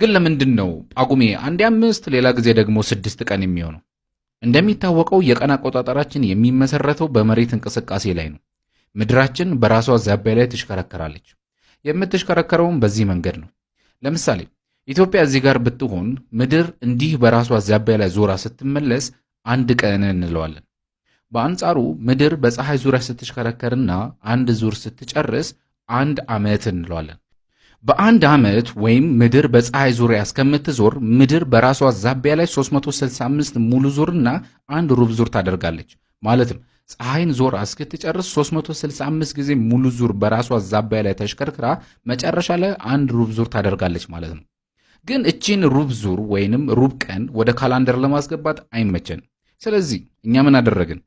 ግን ለምንድን ነው ጳጉሜ አንዴ አምስት ሌላ ጊዜ ደግሞ ስድስት ቀን የሚሆነው? እንደሚታወቀው የቀን አቆጣጠራችን የሚመሰረተው በመሬት እንቅስቃሴ ላይ ነው። ምድራችን በራሷ ዛቢያ ላይ ትሽከረከራለች። የምትሽከረከረውም በዚህ መንገድ ነው። ለምሳሌ ኢትዮጵያ እዚህ ጋር ብትሆን ምድር እንዲህ በራሷ ዛቢያ ላይ ዞራ ስትመለስ አንድ ቀን እንለዋለን። በአንጻሩ ምድር በፀሐይ ዙሪያ ስትሽከረከርና አንድ ዙር ስትጨርስ አንድ ዓመት እንለዋለን። በአንድ ዓመት ወይም ምድር በፀሐይ ዙሪያ እስከምትዞር ምድር በራሷ ዛቢያ ላይ 365 ሙሉ ዙርና አንድ ሩብ ዙር ታደርጋለች። ማለትም ፀሐይን ዞራ እስክትጨርስ 365 ጊዜ ሙሉ ዙር በራሷ ዛቢያ ላይ ተሽከርክራ መጨረሻ ላይ አንድ ሩብ ዙር ታደርጋለች ማለት ነው። ግን እቺን ሩብ ዙር ወይንም ሩብ ቀን ወደ ካላንደር ለማስገባት አይመቸን። ስለዚህ እኛ ምን አደረግን?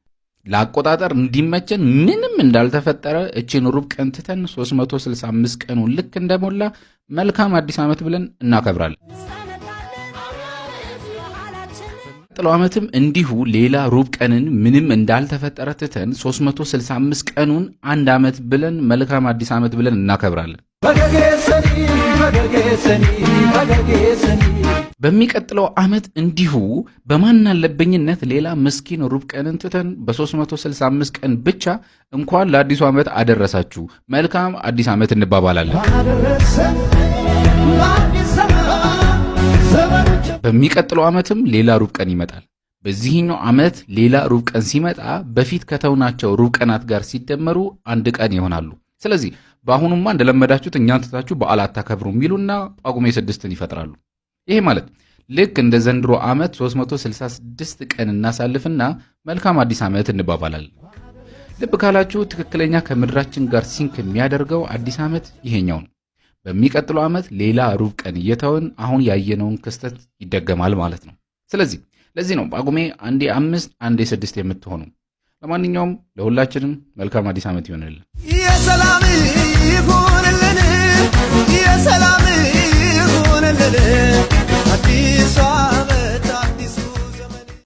ለአቆጣጠር እንዲመቸን ምንም እንዳልተፈጠረ እችን ሩብ ቀን ትተን 365 ቀኑን ልክ እንደሞላ መልካም አዲስ ዓመት ብለን እናከብራለን። ጥሎ ዓመትም እንዲሁ ሌላ ሩብ ቀንን ምንም እንዳልተፈጠረ ትተን 365 ቀኑን አንድ ዓመት ብለን መልካም አዲስ ዓመት ብለን እናከብራለን። በሚቀጥለው ዓመት እንዲሁ በማናለብኝነት ሌላ ምስኪን ሩብ ቀንን ትተን በ365 ቀን ብቻ እንኳን ለአዲሱ ዓመት አደረሳችሁ፣ መልካም አዲስ ዓመት እንባባላለን። በሚቀጥለው ዓመትም ሌላ ሩብ ቀን ይመጣል። በዚህኛው ዓመት ሌላ ሩብ ቀን ሲመጣ በፊት ከተውናቸው ሩብ ቀናት ጋር ሲደመሩ አንድ ቀን ይሆናሉ። ስለዚህ በአሁኑማ እንደለመዳችሁት እኛን ትታችሁ በዓል አታከብሩ የሚሉና ጳጉሜ ስድስትን ይፈጥራሉ። ይሄ ማለት ልክ እንደ ዘንድሮ ዓመት 366 ቀን እናሳልፍና መልካም አዲስ ዓመት እንባባላለን። ልብ ካላችሁ ትክክለኛ ከምድራችን ጋር ሲንክ የሚያደርገው አዲስ ዓመት ይሄኛው ነው። በሚቀጥለው ዓመት ሌላ ሩብ ቀን እየተውን አሁን ያየነውን ክስተት ይደገማል ማለት ነው። ስለዚህ ለዚህ ነው ጳጉሜ አንዴ አምስት አንዴ ስድስት የምትሆኑ። ለማንኛውም ለሁላችንም መልካም አዲስ ዓመት ይሆንልን። የሰላም ይሁንልን። የሰላም ይሁንልን።